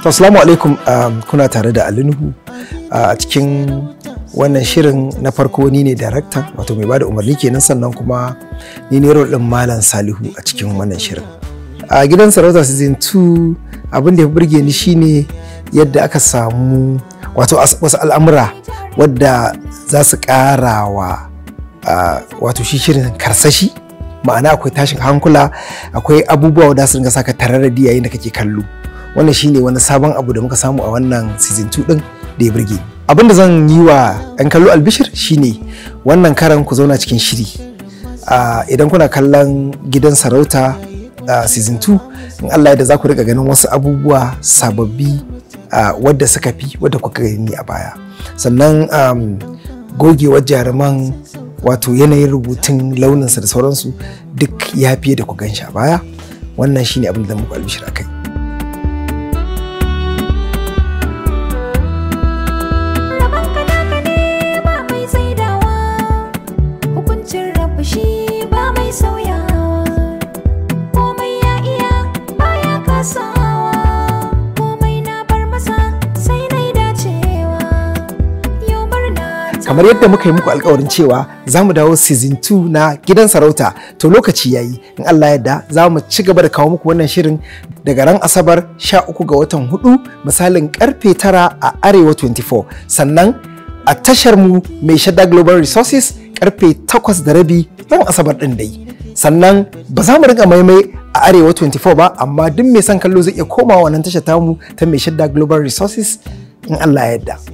Assalamu alaikum ah, kuna tare da Alinuhu ah, a cikin wannan shirin na farko ni ne director wato mai bada umarni kenan sannan kuma ni ne role din Malam Salihu a cikin wannan shirin. A gidan Sarauta Season 2 abin da ya burge ni shine yadda aka samu wato wasu al'amura wadda za su wa ah, wato shi shirin karsashi ma'ana akwai tashin hankula akwai abubuwa da su ringa saka tararradi yayin da kake kallo. wannan shine wani sabon abu da muka samu a wannan season 2 din da ya burge abin da zan yi wa 'yan kallo albishir shine wannan karan ku zauna cikin shiri idan kuna kallon gidan sarauta season 2 in Allah da za ku riga ganin wasu abubuwa sababbi wadda suka fi wadda kuka gani a baya sannan gogewar jaruman wato yanayin rubutun launinsa da sauransu duk ya fiye da ku gan shi a baya wannan shine abin da muku albishir akai kamar yadda muka yi muku alkawarin cewa za mu dawo season 2 na gidan sarauta to lokaci ya yi in Allah yadda za mu ci gaba da kawo muku wannan shirin daga ran asabar 13 ga watan 4 misalin karfe 9 a arewa 24 sannan a tashar mu mai shadda global resources karfe 8 da rabi ran asabar din dai sannan ba za mu rinka maimai a arewa 24 ba amma duk mai son kallo zai iya komawa wannan tashar tamu ta mai shadda global resources in Allah yadda